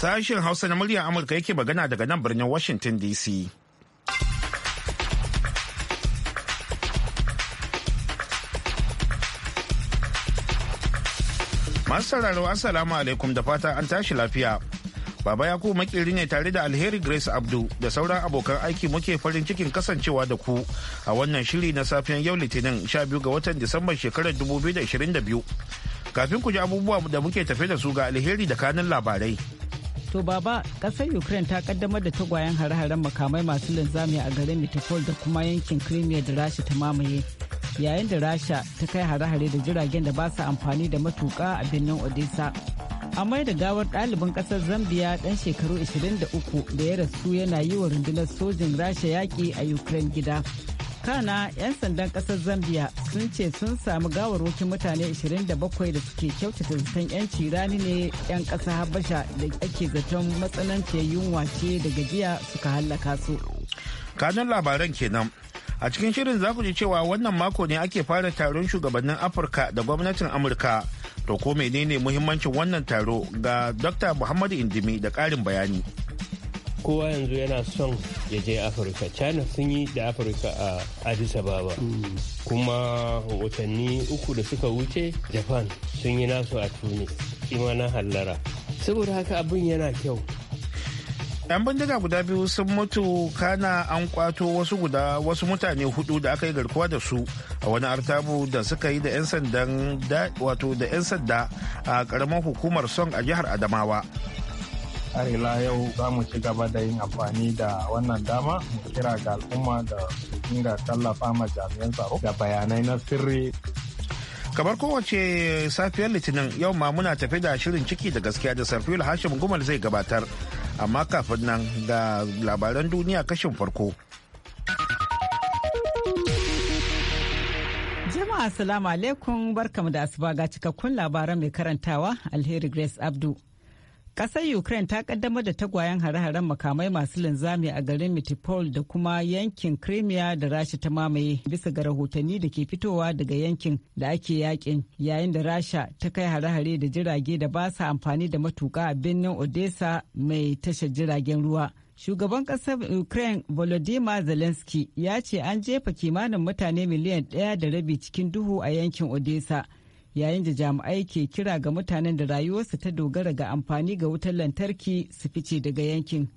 Sashen Hausa na muryar Amurka yake magana daga nan birnin Washington DC. Masu sauraro Assalamu alaikum da fata an tashi lafiya. Baba Yakubu makiri ne tare da Alheri Grace Abdu da sauran abokan aiki muke farin cikin kasancewa da ku a wannan shiri na safiyan yau Litinin 12 ga watan Disamban shekarar 2022. Kafin ku ji abubuwa da muke tafe da su ga Alheri da kanin labarai. To baba kasar Ukraine ta kaddamar da tagwayen hare-haren makamai masu linzami a garin Mitopol da kuma yankin Crimea da Rasha ta mamaye. Yayin da Rasha ta kai hare-hare da jiragen da ba su amfani da matuka a birnin Odessa. amma da gawar ɗalibin ƙasar zambia ɗan shekaru 23 da ya rasu yana yi wa rundunar sojin Rasha yaƙi a Ukraine gida. kana 'yan sandan kasar zambia sun ce sun samu gawarwakin mutane 27 da suke kyautata zaton 'yanci rani ne 'yan ƙasa habasha da ake zaton matsananciyar yunwa ce da gajiya suka hallaka su kanun labaran kenan a cikin shirin za ku ji cewa wannan mako ne ake fara taron shugabannin afirka da gwamnatin amurka to ko menene muhimmancin wannan taro ga dr muhammadu indimi da karin bayani kowa yanzu yana son ya je afirka china sun yi da afirka a addis ababa kuma watanni uku da suka wuce japan sun yi nasu a tuni kima na hallara saboda haka abin yana kyau 'yan bindiga guda biyu sun mutu kana an kwato wasu guda wasu mutane hudu da aka yi garkuwa da su a wani artabu da suka yi da 'yan sandan wato da 'yan sanda a karamar hukumar song a jihar adamawa har ila yau za mu ci gaba da yin amfani da wannan dama mu kira ga al'umma da su dinga tallafa ma jami'an tsaro da bayanai na sirri kamar kowace safiyar litinin yau ma muna tafi da shirin ciki da gaskiya da sarfiyar hashim gumal zai gabatar amma kafin nan da labaran duniya kashin farko jama'a salamu alaikum barkamu da asuba ga cikakkun labaran mai karantawa alheri grace abdu Ƙasar Ukraine ta kaddamar da tagwayen hare-haren makamai masu linzami a garin Mitipol da kuma yankin Crimea da Rasha ta mamaye bisa ga rahotanni da ke fitowa daga yankin da ake yakin yayin da Rasha ta kai hare-hare da jirage da ba sa amfani da matuƙa a birnin Odessa mai tashar jiragen ruwa. Shugaban ƙasar Ukraine Volodymyr Zelensky ya ce an jefa kimanin mutane miliyan ɗaya da rabi cikin duhu a yankin Odessa. yayin da jami'ai ke kira ga mutanen da rayuwarsu ta dogara ga amfani ga wutar lantarki su fice daga yankin.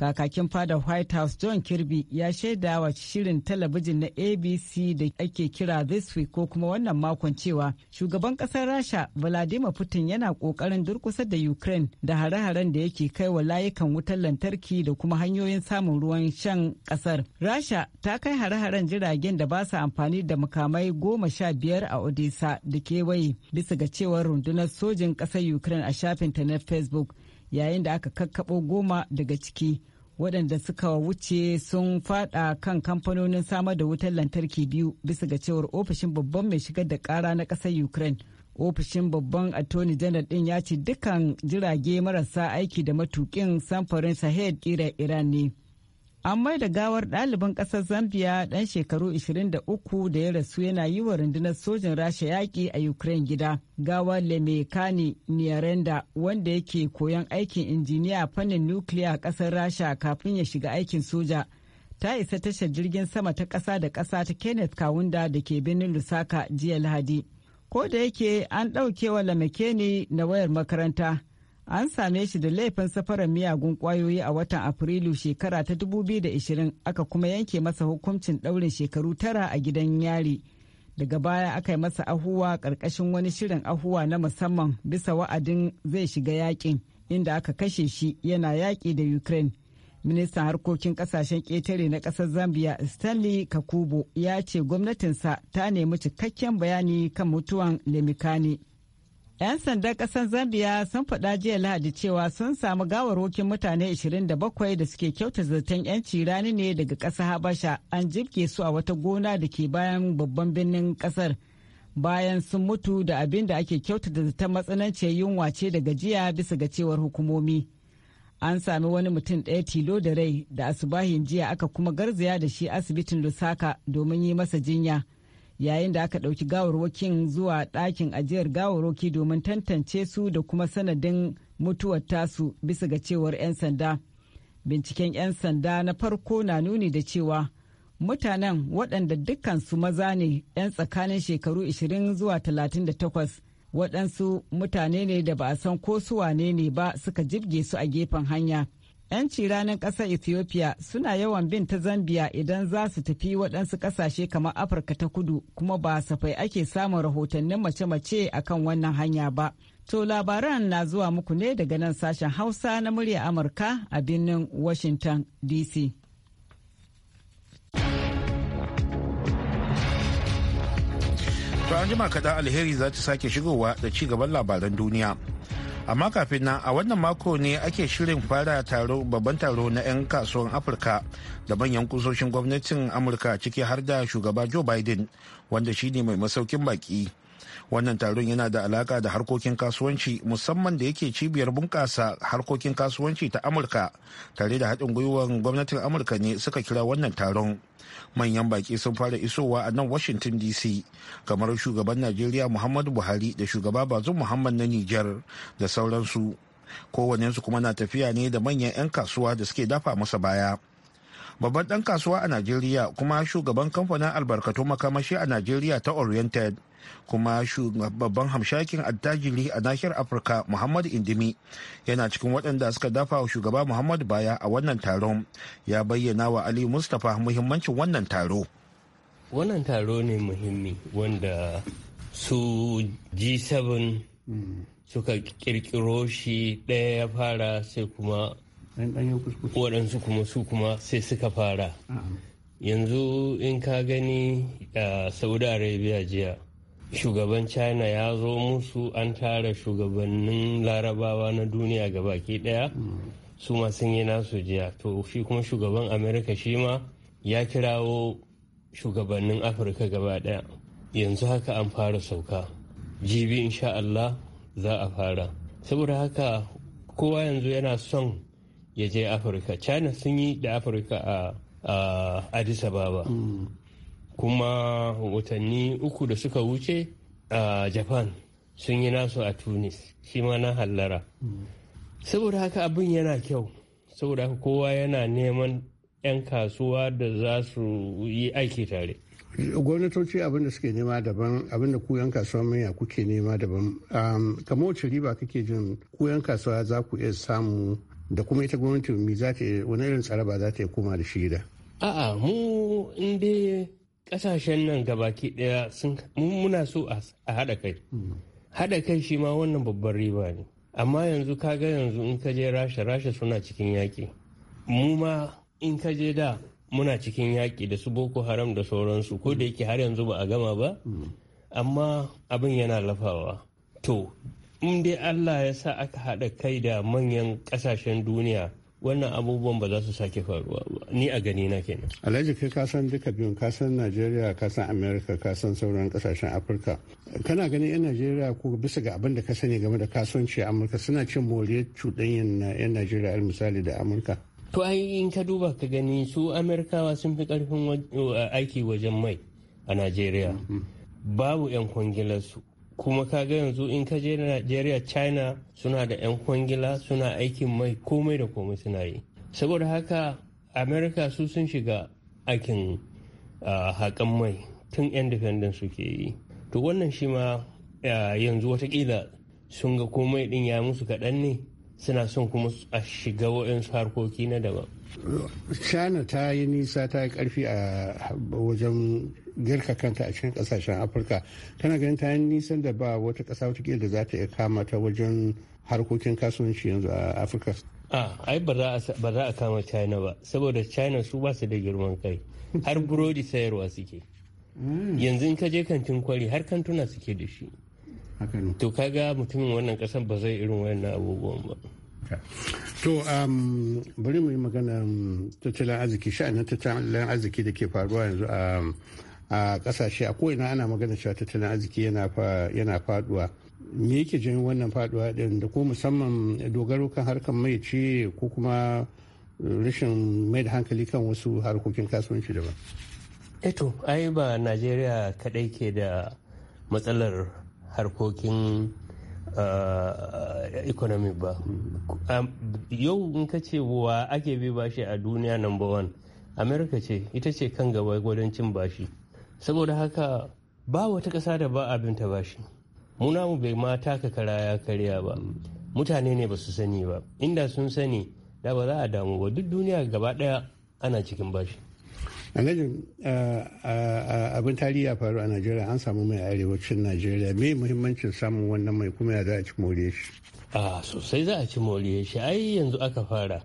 kakakin fada white house john kirby ya shaida wa shirin talabijin na abc da ake kira this week ko kuma wannan makon cewa shugaban kasar rasha vladimir putin yana kokarin durkusa da ukraine da hare-haren da yake kai wa layukan wutar lantarki da kuma hanyoyin samun ruwan shan kasar rasha ta kai hare-haren jiragen da ba su amfani da makamai goma sha biyar a odessa da kewaye bisa ga cewar rundunar sojin kasar ukraine a shafinta na facebook yayin da aka kakkaɓo goma daga ciki waɗanda suka wuce sun fada kan kamfanonin samar da wutar lantarki biyu bisa ga cewar ofishin babban mai shigar da ƙara na ƙasar ukraine ofishin babban attorney general ɗin ya ce dukkan jirage marasa aiki da matukin samfarin sahel ƙira iran ne an mai da gawar ɗalibin ƙasar zambia ɗan shekaru 23 da ya rasu yana yi wa rundunar sojin rasha yaƙi a ukraine gida gawa lemekani niyarenda wanda yake koyon aikin injiniya fannin nukiliya a ƙasar rasha kafin ya shiga aikin soja ta isa tashar jirgin sama ta ƙasa da ƙasa ta kenneth kawunda da ke birnin lusaka jiya lahadi ko da yake an ɗauke wa na wayar makaranta an same shi da laifin safarar miyagun kwayoyi a watan afrilu shekara ta 2020 aka kuma yanke masa hukuncin ɗaurin shekaru tara a gidan yari daga baya aka yi masa ahuwa ƙarƙashin wani shirin ahuwa na musamman bisa wa'adin zai shiga yakin inda aka kashe shi yana yaƙi da ukraine ministan harkokin kasashen ƙetare na ƙasar zambia stanley kakubo ya ce gwamnatinsa ta nemi cikakken bayani kan mutuwan lemikani 'Yan sandan ƙasar Zambiya sun faɗa jiya Lahadi cewa sun samu gawarwakin mutane 27 da suke kyauta zaton 'yanci rani ne daga ƙasar Habasha an jibge su a wata gona da ke bayan babban birnin ƙasar. Bayan sun mutu da abin da ake kyauta da zaton matsananciyar yunwa ce da gajiya bisa ga cewar hukumomi. An sami wani mutum ɗaya tilo da rai da asubahin jiya aka kuma garzaya da shi asibitin Lusaka domin yi masa jinya. yayin da aka ɗauki gawarwakin zuwa ɗakin ajiyar gawarwaki domin tantance su da kuma sanadin mutuwar tasu bisa ga cewar 'yan sanda. Binciken 'yan sanda na farko na nuni da cewa mutanen waɗanda dukkansu maza ne 'yan tsakanin shekaru 20 zuwa 38 waɗansu mutane ne da ba a san ko su wane ne ba suka jibge su a gefen hanya. 'yanci ranar ƙasar ethiopia suna yawan bin ta zambia idan za su tafi waɗansu ƙasashe kamar afirka ta kudu kuma ba safai ake samun rahotannin mace-mace akan wannan hanya ba to labaran na zuwa muku ne daga nan sashen hausa na murya amurka a birnin washington dc to an jima kaɗan alheri za ta sake shigowa da ci gaban labaran duniya amma kafin nan a wannan mako ne ake shirin fara taro babban taro na 'yan kasuwan afirka da manyan kusoshin gwamnatin amurka ciki har da shugaba joe biden wanda shi ne mai masaukin baki wannan taron yana da alaka da harkokin kasuwanci musamman da yake cibiyar bunƙasa harkokin kasuwanci ta amurka tare da haɗin gwiwar gwamnatin amurka ne suka kira wannan taron manyan baƙi sun fara isowa a nan washington dc kamar shugaban najeriya muhammadu buhari da shugaba bazum muhammad na niger da sauransu kowanensu kuma na tafiya ne da manyan 'yan kasuwa da suke dafa masa baya babban dan kasuwa a najeriya kuma shugaban kamfanin albarkatun makamashi a najeriya ta oriented kuma babban hamshakin attajiri a nahiyar afirka muhammad indimi yana cikin waɗanda suka dafa wa shugaba muhammad baya a wannan taron ya bayyana wa ali mustapha muhimmancin wannan taro wannan taro ne muhimmi wanda su g7 suka kirkiro shi ɗaya ya fara sai kuma waɗansu kuma su kuma sai suka fara yanzu in ka gani a saudi arabia jiya shugaban china ya zo musu an tara shugabannin larabawa na duniya ga baki daya su ma sun yi nasu jiya to shi kuma shugaban amerika shi ma ya kirawo shugabannin afirka gaba daya yanzu haka an fara sauka jibi insha allah za a fara saboda haka kowa yanzu yana son ya je afirka china sun yi da afirka a addis ababa kuma watanni uku da suka wuce a japan sun yi nasu a tunis shi ma na hallara saboda haka abin yana kyau saboda haka kowa yana neman 'yan kasuwa da za su yi aiki tare gwamnatoci abin da suke nema daban abin da ku yan kasuwa manya kuke nema daban kamar wacce riba kake jin ku yan kasuwa za ku iya samu da kuma ita gwamnati mi za ta wani irin ba za ta koma da shi gida a'a mu in dai kasashen nan gabaki daya sun muna so a haɗa kai haɗa kai shi ma wannan babban riba ne amma yanzu ka ga yanzu in ka je rasha rasha suna cikin yaƙi mu ma in ka je da muna cikin yaƙi da su boko haram da sauransu ko da yake har yanzu ba a gama ba amma abin yana lafawa to in dai allah ya sa aka haɗa kai da manyan ƙasashen duniya wannan abubuwan ba za su sake faruwa ba ni a gani na kenan alhaji kai ka san duka biyun ka san najeriya ka san america ka san sauran kasashen afirka kana ganin yan najeriya ko bisa ga abin da ka sani game da kasuwanci a amurka suna cin moriyar cuɗanyen yan najeriya al misali da amurka to ai in ka duba ka gani su amerikawa sun fi karfin aiki wajen mai a najeriya mm-hmm. babu yan kwangilarsu kuma kaga yanzu in ka je najeriya china suna da 'yan kwangila suna aikin mai komai da komai suna yi saboda haka america su sun shiga aikin haƙan mai tun independent suke yi to wannan shi ma yanzu watakila sun ga komai ɗin ya musu kaɗan ne suna son kuma a shiga waɗansu harkoki na daban. china ta yi nisa ta yi karfi a wajen girka kanta a cikin kasashen afirka tana ganin ta nisan da ba wata kasa wata da za ta iya kama ta wajen harkokin kasuwanci yanzu a afirka a ai ba za a kama china ba saboda china su ba su da girman kai har burodi sayarwa suke hmm. yanzu in ka je kantin kwari har kantuna suke da shi to kaga mutumin wannan kasan ba zai irin wannan abubuwan ba to um, bari mu yi magana tattalin arziki sha'anin tattalin arziki da ke faruwa yanzu a um, a kasashe a ko'ina ana magana cewa tattalin arziki yana faduwa me yake janyo wannan faduwa din da ko musamman dogaro kan harkar mai ce ko kuma rashin mai da hankali kan wasu harkokin kasuwanci daban eto eh ai ba najeriya kadai ke da matsalar harkokin economy ba yau in ka ce wa ake bi bashi a duniya number one america ce ita ce kan gaba cin bashi saboda haka ba wata ƙasa da ba abin ta bashi mu namu bai ma taka kara ya karya ba mutane ne ba su sani ba inda sun sani da ba za a damu ba duk duniya gaba ɗaya ana cikin bashi gajin abin tarihi ya faru a najeriya an samu mai arewacin najeriya me muhimmancin samun wannan mai kuma ya za a ci more shi a sosai za a ci more shi ai yanzu aka fara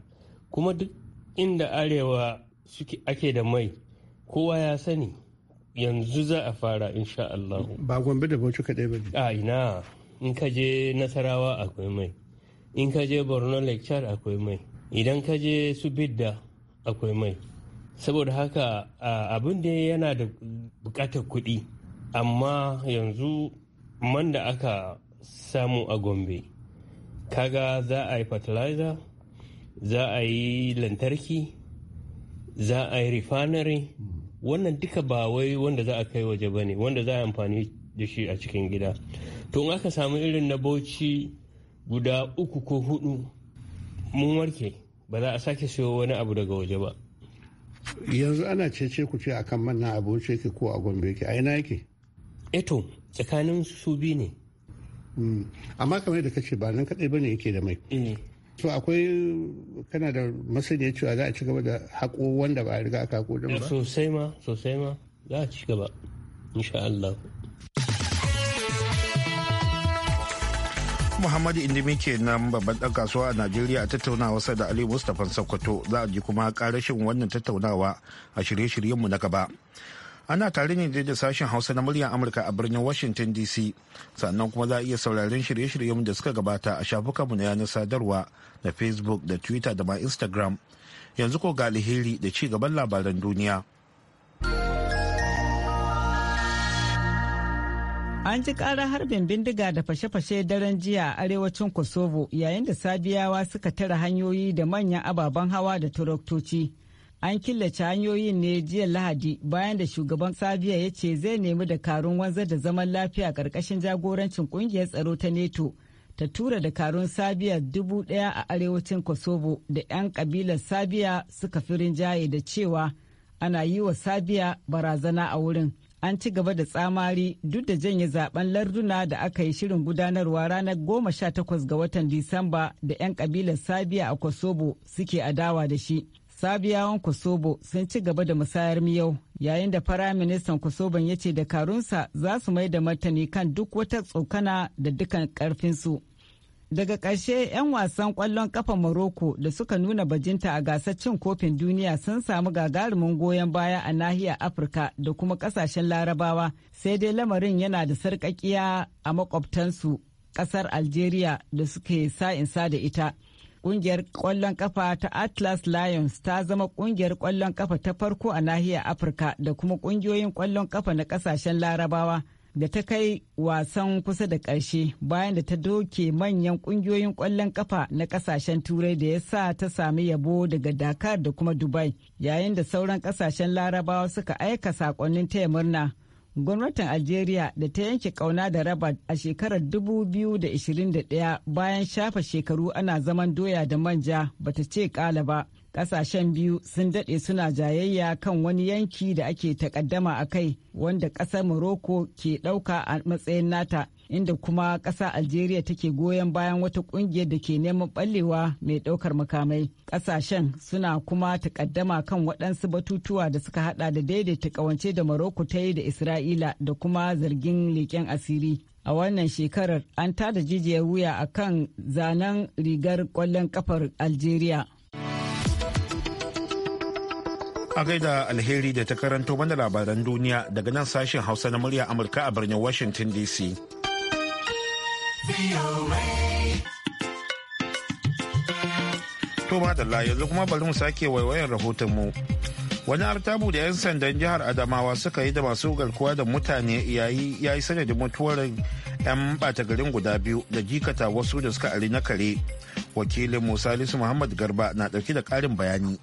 kuma duk inda arewa ake da mai kowa ya sani yanzu za a fara insha Allah. Ba Gombe da Bauchi kaɗai ba ne. A ina in ka je Nasarawa akwai mai, in ka je Borno Lecture akwai mai, idan ka je su Bidda akwai mai. Saboda haka abin da yana da buƙatar kuɗi, amma yanzu man da aka samu a Gombe, kaga za a yi fertilizer, za a yi lantarki, za a yi refinery. Mm wannan duka ba wai wanda za a kai waje ba ne wanda za a amfani da shi a cikin gida to in aka samu irin na bauchi guda uku ko hudu mun warke ba za a sake siyo wani abu daga waje ba yanzu ana cece ku ce akan manna a bauchi yake ko a gombe yake aina ina yake eto eh tsakanin su bi ne mm. amma kamar da kace ba nan kadai bane yake da mai eh. to akwai kana da masaniya cewa za a ci gaba da haƙo wanda ba a riga aka haƙo din ba sosai ma sosai ma za a ci gaba insha Allah Muhammadu Indimi ke nan babban ɗan kasuwa a Najeriya a tattaunawa sa da Ali Mustapha Sokoto za a ji kuma ƙarashin wannan tattaunawa a shirye-shiryenmu na gaba. ana tare ne da sashen hausa na muryar amurka a birnin washington dc sannan kuma za a iya sauraron shirye-shiryen da suka gabata a shafukanmu na yanar sadarwa na facebook da twitter da ma instagram yanzu ko ga alheri da ci gaban labaran duniya An ji ƙarar harbin bindiga da fashe-fashe daren jiya a arewacin Kosovo yayin da Sabiyawa suka tara hanyoyi da manyan ababen hawa da turoktoci. an killace hanyoyin ne jiya lahadi bayan da shugaban sabiya ya ce zai nemi dakarun wanzar da zaman lafiya karkashin jagorancin kungiyar tsaro ta neto ta tura dakarun sabiya dubu daya a arewacin kosovo da 'yan kabilar sabiya suka firin jaye da cewa ana yi wa sabiya barazana a wurin an ci gaba da tsamari duk da janye zaben larduna da aka yi shirin gudanarwa ranar goma sha takwas ga watan disamba da 'yan kabilar sabiya a kosovo suke adawa da shi sabiyawan kosobo sun ci gaba da musayar miyau yayin da firaministan kosoban ya ce dakarunsa za su mai da martani kan duk wata tsokana da dukan karfinsu daga ƙarshe 'yan wasan ƙwallon ƙafa morocco da suka nuna bajinta a gasar cin kofin duniya sun samu gagarumin goyon baya a nahiyar afirka da kuma ƙasashen larabawa sai dai lamarin yana da sarƙaƙiya a makwabtansu ƙasar algeria da suke sa'insa da ita kungiyar kwallon kafa ta Atlas Lions ta zama kungiyar kwallon kafa ta farko a nahiyar Afirka da kuma kungiyoyin kwallon kafa na kasashen Larabawa da ta kai wasan kusa da ƙarshe bayan da ta doke manyan kungiyoyin kwallon kafa na kasashen Turai da ya sa ta sami yabo daga Dakar da kuma Dubai yayin da sauran kasashen Larabawa suka aika saƙonnin taya murna. gwamnatin algeria da ta yanke kauna da raba a shekarar 2021 bayan shafa shekaru ana zaman doya da manja bata ce kala ba kasashen biyu sun dade suna jayayya kan wani yanki da ake takaddama a kai wanda kasar morocco ke dauka a matsayin nata inda kuma ƙasa Algeria take goyon bayan wata ƙungiyar da ke neman ɓallewa mai ɗaukar makamai. Ƙasashen suna kuma takaddama kan waɗansu batutuwa da suka haɗa da daidaita ƙawance da Maroko ta yi da Isra'ila da kuma zargin leƙen asiri. A wannan shekarar an tada jijiyar wuya a kan zanen rigar ƙwallon ƙafar Algeria. A gaida alheri da ta karanto mana labaran duniya daga nan sashen Hausa na murya Amurka a birnin Washington DC. To madalla yanzu kuma bari mu sake waiwayan rahotonmu. Wani artabu da 'yan sandan jihar Adamawa suka yi da masu garkuwa da mutane yayi ya yi sanadin mutuwar 'yan bata garin guda biyu da jikata wasu da suka ari na kare. Wakilin Musa Muhammad Garba na ɗauke da ƙarin bayani.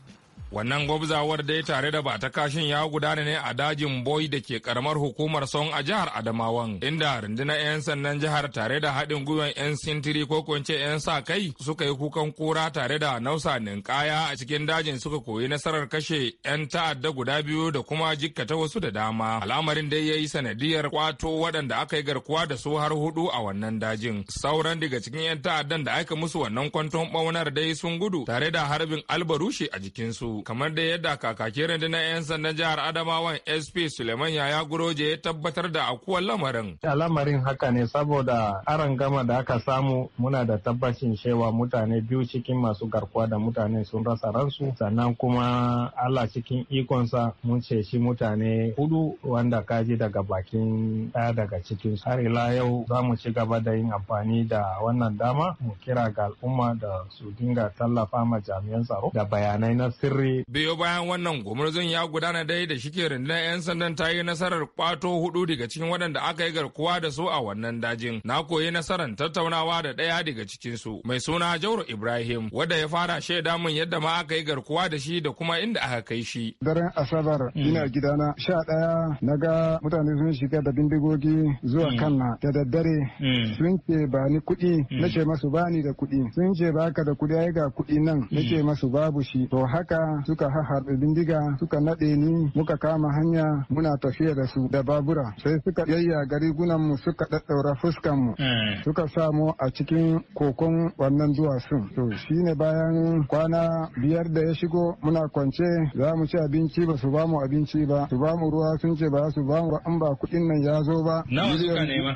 Wannan gwabzawar dai tare da ba ta kashin ya gudana ne a dajin boy da ke karamar hukumar son a jihar Adamawan, inda rundunar 'yan sannan jihar tare da haɗin gwiwan 'yan sintiri ko kwance 'yan sa kai suka yi kukan kura tare da nausa ninkaya a cikin dajin suka koyi nasarar kashe 'yan ta'adda guda biyu da kuma jikkata wasu da dama. Al'amarin dai ya yi sanadiyar kwato waɗanda aka yi garkuwa da su har hudu a wannan dajin. Sauran daga cikin 'yan ta'addan da aka musu wannan kwanton ɓaunar dai sun gudu tare da harbin albarushi a jikinsu. kamar da yadda kakakin rundunar 'yan sandan jihar adamawan sp suleiman yaya guroje ya tabbatar da akuwar lamarin A lamarin haka ne saboda aron gama da aka samu muna da tabbacin cewa mutane biyu cikin masu garkuwa da mutane sun rasa ransu sannan kuma allah cikin ikonsa mun shi mutane hudu wanda kaji daga bakin daya daga cikin har ila yau za mu ci gaba da yin amfani da wannan dama mu kira ga al'umma da su dinga tallafa ma jami'an tsaro da bayanai na sirri Biyo bayan wannan gumurzun ya gudana dai da shike rundunar 'yan sandan ta yi nasarar kwato hudu daga cikin waɗanda aka yi garkuwa da su a wannan dajin. Na koyi nasarar tattaunawa da ɗaya daga cikin su mai suna Jauro Ibrahim wanda ya fara shaida mun yadda ma aka yi garkuwa da shi da kuma inda aka kai shi. Daren Asabar hmm. ina gidana sha ɗaya na ga mutane sun shiga da bindigogi zuwa hmm. kanna da daddare hmm. sun ce ba ni kuɗi na ce masu ba ni da kuɗi sun ce ba ka da kuɗi ai ga kuɗi nan na ce masu babu shi to haka suka harbe bindiga suka naɗe ni muka kama hanya muna tafiya da su da babura sai suka yayya gari mu suka daddaura fuskan mu eh. suka samu a cikin kokon wannan duwatsun to shine bayan kwana biyar da ya shigo muna kwance za mu ci abinci ba su ba mu abinci ba su ba mu ruwa sun ce ba su ba mu an ba kuɗin nan ya zo ba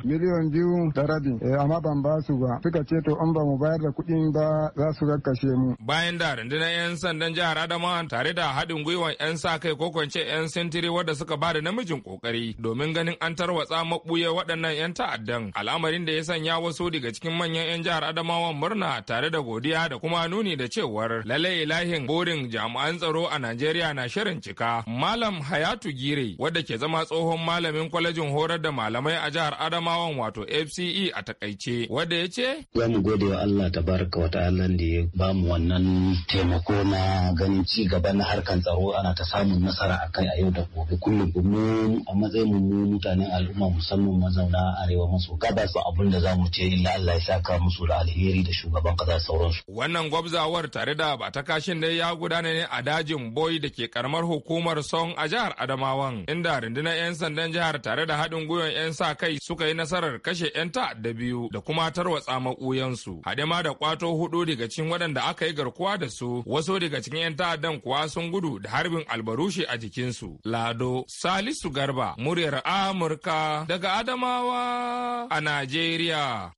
miliyon biyu da rabi eh, amma ban ba su ba suka ce to an ba mu bayar da kuɗin ba za su kashe mu bayan da rundunar 'yan sandan jihar adamu kuma tare da haɗin gwiwar 'yan sa kai ko kwance 'yan sintiri wadda suka ba da namijin kokari domin ganin an tarwatsa maɓuye waɗannan 'yan ta'addan al'amarin da ya sanya wasu daga cikin manyan 'yan jihar Adamawa murna tare da godiya da kuma nuni da cewar lalle ilahin burin jami'an tsaro a Najeriya na shirin cika. Malam Hayatu Gire wadda ke zama tsohon malamin kwalejin horar da malamai a jihar adamawa wato FCE a takaice wadda ya ce. Za mu gode wa Allah tabaraka wa ta'ala da ya ba mu wannan taimako na ganin ci gaba na harkan tsaro ana ta samun nasara a kai a yau da gobe kullum mu a matsayin mu mutanen al'umma musamman mazauna arewa maso gabas ba abun da zamu ce illa Allah ya saka musu da alheri da shugaban kasa sauransu wannan gwabzawar tare da ba ta kashin dai ya gudana ne a dajin boy da ke karamar hukumar son a jihar Adamawan inda rundunar 'yan sandan jihar tare da haɗin gwiwar 'yan sa kai suka yi nasarar kashe 'yan ta'adda biyu da kuma tarwatsa maƙuyansu hadema da kwato hudu daga cikin waɗanda aka yi garkuwa da su wasu daga cikin 'yan ta'adda ta'addan kuwa sun gudu da harbin albarushi a jikinsu. Lado Salisu Garba, muryar Amurka daga Adamawa a Najeriya.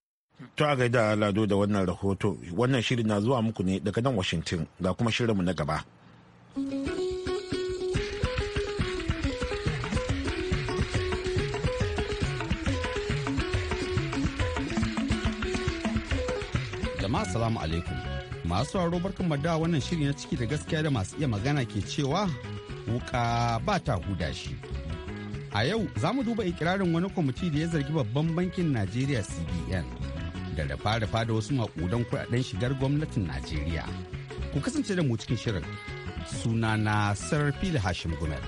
To a gaida Lado da wannan rahoto, wannan shirin na zuwa muku ne daga nan Washington ga kuma shirinmu na gaba. Jama'a salamu alaikum. masu sauraro barkan da wannan shiri na ciki da gaskiya da masu iya magana ke cewa wuka ba ta huda shi a yau za mu duba ikirarin wani kwamiti da ya zargi babban bankin najeriya cbn da da fara da wasu makudan kudaden shigar gwamnatin najeriya ku kasance da mu cikin shirin sunana sarar fili hashim gumel.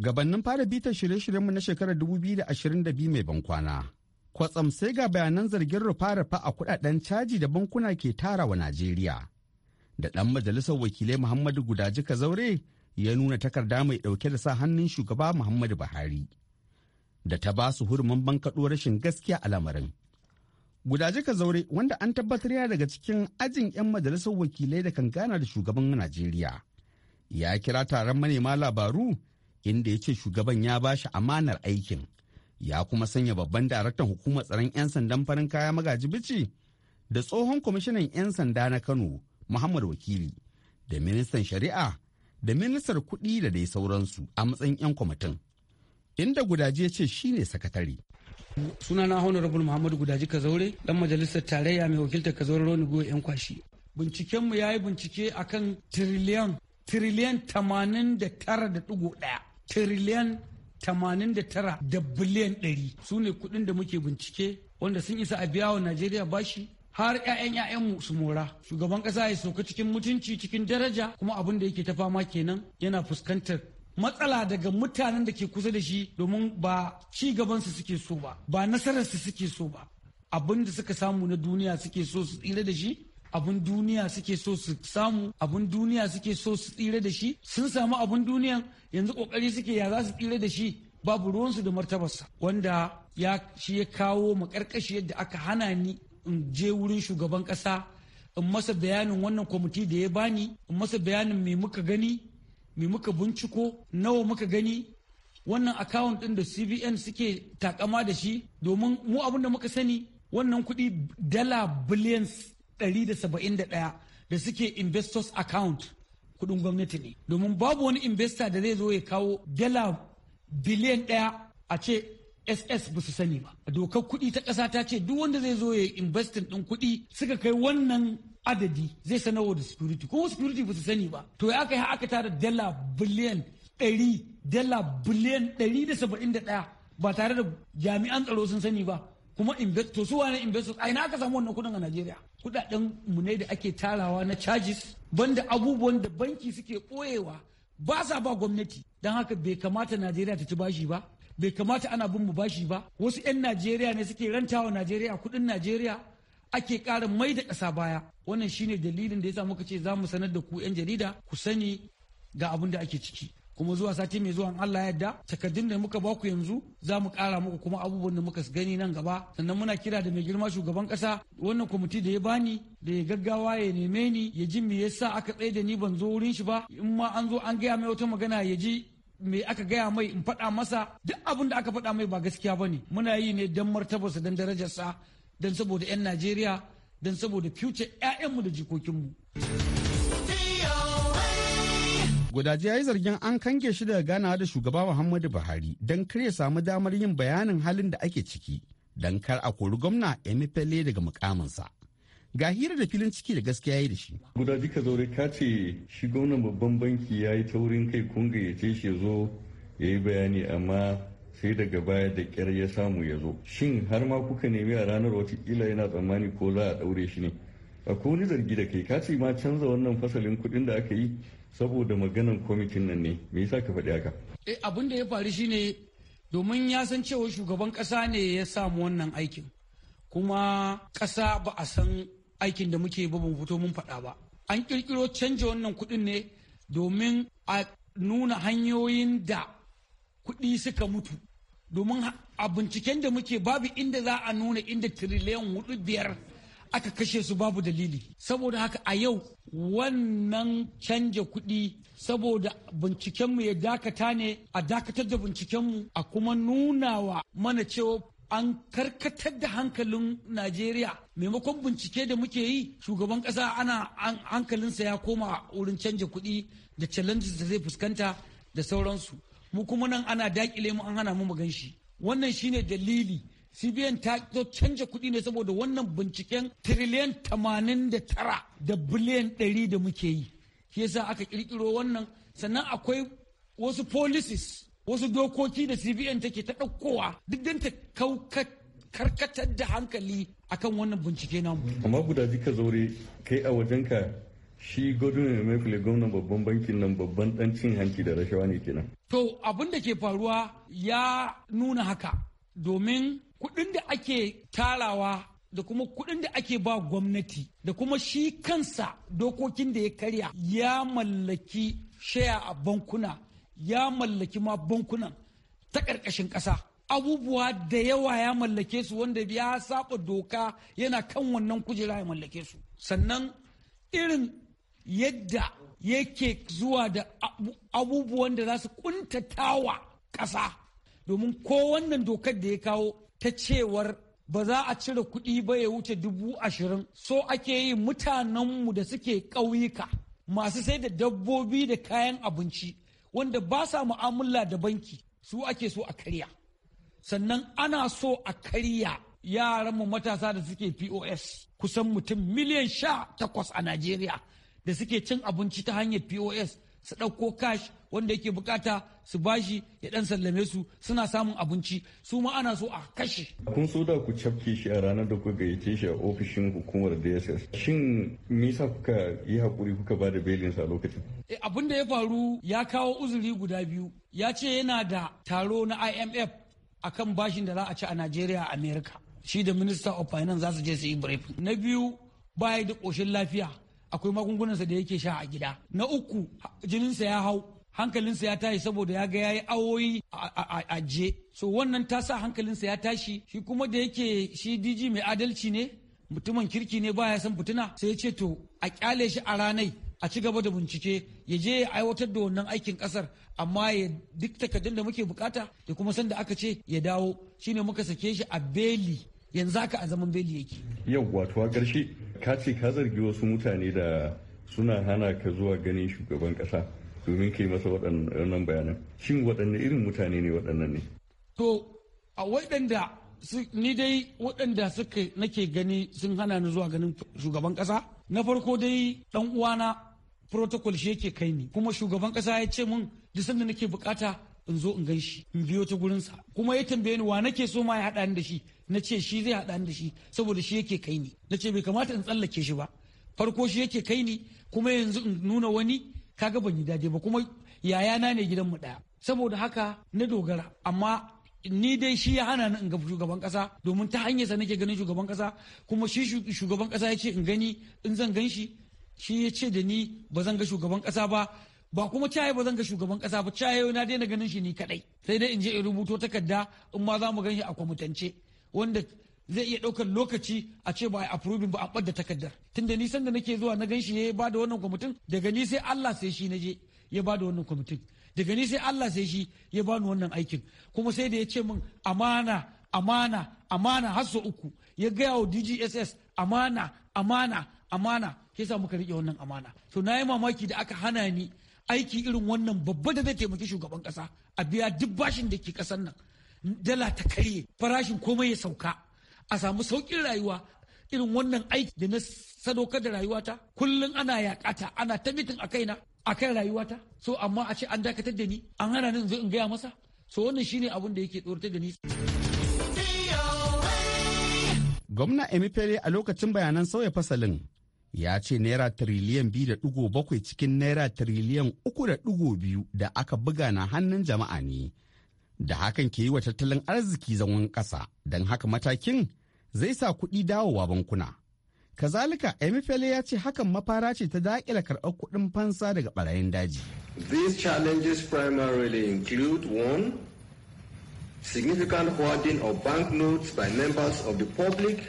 gabannin fara bitar shirye-shiryenmu na shekarar 2022 mai bankwana. Kwatsam sai ga bayanan zargin rufa-rufa a kudaden caji da bankuna ke tara wa Najeriya. Da ɗan majalisar wakilai Muhammadu Gudaji zaure ya nuna takarda mai ɗauke da sa hannun shugaba Muhammadu Buhari. Da ta ba su hurumin bankaɗo rashin gaskiya a lamarin. Gudaji Kazaure wanda an tabbatar ya daga cikin ajin 'yan majalisar wakilai da kan gana da shugaban Najeriya. Ya kira taron manema labaru inda ya ce shugaban ya ba shi amanar aikin ya kuma sanya babban daraktan hukumar tsaron 'yan sandan farin kaya magaji bici da tsohon kwamishinan 'yan sanda na kano muhammad wakili da ministan shari'a da ministar kuɗi da dai sauransu a matsayin 'yan kwamitin inda gudaje ce shine sakatare Suna sunana honorable muhammadu gudaji zaure dan majalisar tarayya mai wakiltar zaure roni goyo yan kwashi bincikenmu ya yi bincike akan tiriliyan tiriliyan tamanin da tara da ɗigo ɗaya tiriliyan 89 da biliyan ɗari su ne kuɗin da muke bincike wanda sun isa a biya wa Najeriya bashi har 'ya'yan 'ya'yanmu su mora shugaban kasa ya sauka cikin mutunci cikin daraja kuma abin da yake ta fama kenan yana fuskantar matsala daga mutanen da ke kusa da shi domin ba ci gabansu suke so ba ba nasararsu suke so ba abin da suka samu na duniya suke so su tsira da shi abun duniya suke so su samu abun duniya suke so su tsira da shi sun samu abun duniya yanzu kokari suke ya za su tsira da shi babu ruwansu da martabarsa wanda ya shi ya kawo makarkashi yadda aka hana ni in je wurin shugaban kasa in masa bayanin wannan kwamiti da ya bani in masa bayanin me muka gani me muka binciko nawa muka gani wannan akawun din da cbn suke takama da shi domin mu abin da muka sani wannan kuɗi dala biliyan da suke investors account kudin gwamnati ne domin babu wani investor da zai zo ya kawo dala biliyan daya a ce ss ba su sani ba a dokar kudi ta kasa ta ce duk wanda zai zo ya investin din kudi suka kai wannan adadi zai sanarwa da security kuma security ba su sani ba to ya aka yi aka tara dala biliyan 100 dala biliyan 171 ba tare da jami'an tsaro sun sani ba kuma investor su wane investors a ina aka samu wannan kudin a Najeriya kudaden mu ne da ake tarawa na charges banda abubuwan da banki suke ɓoyewa, ba sa ba gwamnati don haka bai kamata Najeriya ta ci bashi ba bai kamata ana bin mu bashi ba wasu 'yan Najeriya ne suke rantawa Najeriya kudin Najeriya ake ƙara mai da ƙasa baya wannan shine dalilin da ya sa muka ce za mu sanar da ku 'yan jarida ku sani ga abin da ake ciki kuma zuwa sati mai zuwa Allah yadda takardun da muka baku yanzu za mu kara muku kuma abubuwan da muka gani nan gaba sannan muna kira da mai girma shugaban kasa wannan kwamiti da ya bani da ya gaggawa ya neme ni ya ji me yasa aka tsaye da ni ban zo wurin shi ba in ma an zo an gaya mai wata magana ya ji me aka gaya mai in faɗa masa duk abin da aka faɗa mai ba gaskiya ba ne muna yi ne don martabarsa dan darajarsa don saboda 'yan Najeriya don saboda future 'ya'yanmu da jikokinmu. Gudaji ya yi zargin an kange shi daga ganawa da shugaba Muhammadu Buhari don kar ya samu damar yin bayanin halin da ake ciki don kar a kori gwamna Emefiele daga mukaminsa. Ga hira da filin ciki da gaskiya ya yi da shi. Gudaji ka zaure ka ce shi gwamnan babban banki ya yi taurin kai kun gayyace shi ya zo ya yi bayani amma sai daga baya da kyar ya samu ya zo. Shin har ma kuka nemi a ranar watakila yana tsammani ko za a ɗaure shi ne? Akwai wani zargi da kai ka ma canza wannan fasalin kuɗin da aka yi saboda maganan kwamitin nan ne me yasa ka faɗi haka eh abin da ya faru shine domin ya san cewa shugaban ƙasa ne ya samu wannan aikin kuma ƙasa ba a san aikin da muke ba mu fito mun faɗa ba an ƙirƙiro canja wannan kuɗin ne domin a nuna hanyoyin da kuɗi suka mutu domin a binciken da muke babu inda za a nuna inda tiriliyan hudu biyar aka kashe su babu dalili saboda haka a yau wannan canja kuɗi saboda bincikenmu ya dakata ne a dakatar da bincikenmu a kuma nunawa mana cewa an karkatar da hankalin Najeriya maimakon bincike da muke yi shugaban ƙasa ana hankalinsa ya koma wurin canja kuɗi da challenges da zai fuskanta da sauransu mu kuma nan ana dakile mu an hana mu magan shi wannan shine dalili cbn ta zo canja kuɗi ne saboda wannan binciken tiriliyan tamanin da tara da biliyan ɗari da muke yi shi yasa aka ƙirƙiro wannan sannan akwai wasu policies wasu dokoki da cbn take ta ɗaukowa duk don ta karkatar da hankali akan wannan bincike namu amma guda jika zaure kai a wajenka shi mai emefiele gwamnan babban bankin nan babban dan cin hanci da rashawa ne kenan to abin da ke faruwa ya nuna haka domin kuɗin da ake tarawa da kuma kuɗin da ake ba gwamnati da kuma shi kansa dokokin da ya karya ya mallaki shaya a bankuna ya mallaki ma bankunan ta ƙarƙashin ƙasa abubuwa da yawa ya mallake su wanda ya saba doka yana kan wannan kujera ya mallake su sannan irin yadda yake zuwa da abubuwan da za su ƙuntatawa ƙasa domin ko wannan dokar da ya kawo ta cewar ba za a cire kuɗi ba ya wuce dubu ashirin so ake yi mutanenmu da suke ƙauyuka masu sai da dabbobi da kayan abinci wanda ba sa mu'amala da banki su ake so a karya sannan ana so a karya yaran mu matasa da suke pos kusan mutum miliyan sha takwas a najeriya da suke cin abinci ta hanyar pos su ɗauko kash wanda yake bukata su bashi ya dan sallame su suna samun abinci su ma ana so a kashe. kun so da ku cafke shi a ranar da kuka gayyace shi a ofishin hukumar dss shin yasa kuka yi hakuri kuka ba da belinsa sa lokacin. Eh, abin da ya faru ya kawo uzuri guda biyu ya ce yana da taro na imf akan bashin da za a ci a najeriya a america shi da minister of finance za su je su yi briefing na biyu baya da koshin lafiya akwai magungunansa da yake sha a gida na uku jininsa ya hau hankalinsa ya tashi saboda ya ga ya yi awoyi a ajiye so wannan ta sa hankalinsa ya tashi shi kuma da yake shi DG mai adalci ne mutumin kirki ne baya san fituna sai ya ce to a kyale shi a ranai a ci gaba da bincike ya je ya aiwatar da wannan aikin kasar amma ya duk takardun da muke bukata ya kuma sanda aka ce ya dawo shine muka sake shi a beli yanzu haka a zaman beli yake yau wato a ƙarshe ka ce ka zargi wasu mutane da suna hana ka zuwa ganin shugaban ƙasa domin yi masa waɗannan bayanan shin waɗanne irin mutane ne waɗannan ne to a waɗanda ni dai waɗanda suka nake gani sun hana ni zuwa ganin shugaban ƙasa na farko dai ɗan uwana protocol shi yake kai ni kuma shugaban ƙasa ya ce mun duk sanda nake bukata in zo in gan in biyo ta gurinsa kuma ya tambaye ni wa nake so ma ya haɗa ni da shi na ce shi zai haɗa ni da shi saboda shi yake kai ni na ce bai kamata in tsallake shi ba farko shi yake kai ni kuma yanzu in nuna wani kaga ban yi dade ba kuma yayana ne gidan mu ɗaya saboda haka na dogara amma ni dai shi ya hana ni in ga shugaban kasa domin ta hanyar hanyarsa nake ganin shugaban kasa kuma shi shugaban kasa ya ce in gani in zan ganshi shi shi ya ce da ni ba zan ga shugaban kasa ba ba kuma caye ba zan ga shugaban kasa ba caye na daina ganin shi ni kadai sai dai in je in rubuto takarda in ma za mu gan shi a kwamitance wanda zai iya ɗaukar lokaci a ce ba a approving ba a ɓadda takardar tunda nisan da nake zuwa na gan shi ya ba da wannan kwamitin daga ni sai Allah sai shi na je ya ba da wannan kwamitin daga ni sai Allah sai shi ya bani wannan aikin kuma sai da ya ce min amana amana amana har sau uku ya gaya wa DGSS amana amana amana ke sa muka riƙe wannan amana to na yi mamaki da aka hana ni aiki irin wannan babba da zai taimaki shugaban ƙasa a biya duk bashin da ke ƙasar nan dala ta karye farashin komai ya sauka a samu sauƙin rayuwa irin wannan aiki da na sadaukar da rayuwata kullum ana yaƙata ana ta mitin a kaina a kan rayuwata so amma a ce an dakatar da ni an hana ni in gaya masa so wannan shine abin da yake tsoratar da ni. Gwamna emifere a lokacin bayanan sauya fasalin ya ce naira tiriliyan biyu da ɗigo bakwai cikin naira tiriliyan uku da ɗigo biyu da aka buga na hannun jama'a ne da hakan ke yi wa tattalin arziki zaman ƙasa don haka matakin zai sa kuɗi dawowa bankuna. Kazalika, emifele ya ce hakan mafara ce ta daƙila karɓar kuɗin fansa daga ɓarayin daji. These challenges primarily include one, significant hoarding of banknotes by members of the public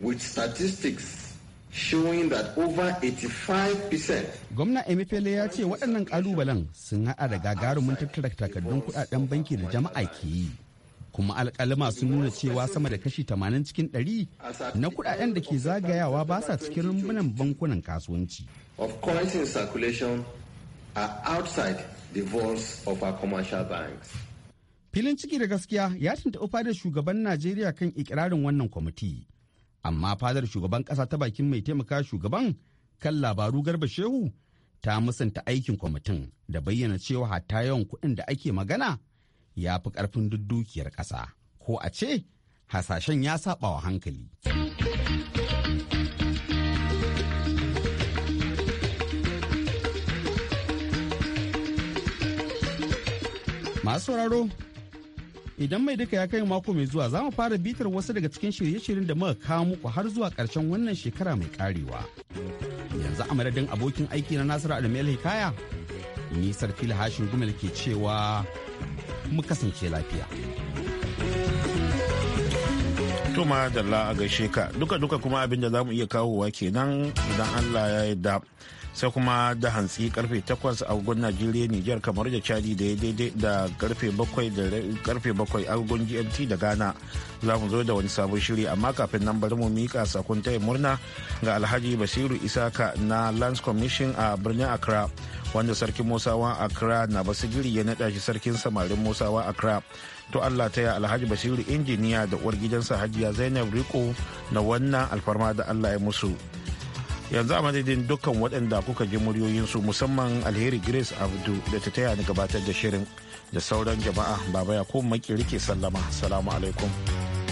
with statistics showing that over 85%. Gwamna emifele ya ce waɗannan ƙalubalen sun haɗa da gagarumin tattara takardun kuɗaɗen banki da jama'a ke yi. kuma alkalima sun nuna cewa sama da kashi 80 cikin 100 na kudaden da ke zagayawa ba sa cikin rumbunan bankunan kasuwanci. Of coins in circulation are outside the vaults of our commercial banks. Filin ciki da gaskiya ya tuntuɓi fadar shugaban Najeriya kan ikirarin wannan kwamiti. Amma fadar shugaban ƙasa ta bakin mai taimaka shugaban kan labaru garba shehu ta musanta aikin kwamitin da bayyana cewa hatta yawan kuɗin da ake magana ya fi ƙarfin duk dukiyar ƙasa ko a ce hasashen ya saba wa hankali. Masu sauraro idan mai duka ya kai mako mai zuwa za mu fara bitar wasu daga cikin shirye-shiryen da muka kawo muku har zuwa ƙarshen wannan shekara mai karewa. Yanzu a madadin abokin aiki na Nasiru Adamu Hikaya, ni Sarfil Hashin Gumel ke cewa mu kasance lafiya. Tuma da la a gaishe ka duka-duka kuma abin da za mu iya kawowa kenan idan Allah ya yarda. sai kuma da hantsi karfe 8 agogon najeriya niger kamar da chadi da ya daidai da karfe 7 da karfe 7 agogon gmt da ghana za mu zo da wani sabon shiri amma kafin nan bari mu mika sakon murna ga alhaji basiru isaka na lands commission a birnin accra wanda sarkin musawa accra na basigiri ya naɗa shi sarkin samarin musawa accra to allah ta ya alhaji basiru injiniya da uwar gidansa hajiya zainab riko na wannan alfarma da allah ya musu yanzu a madadin dukkan waɗanda kuka ji muryoyinsu musamman alheri grace abdu da ta taya ni gabatar da shirin da sauran jama'a baba ya ko rike sallama salamu alaikum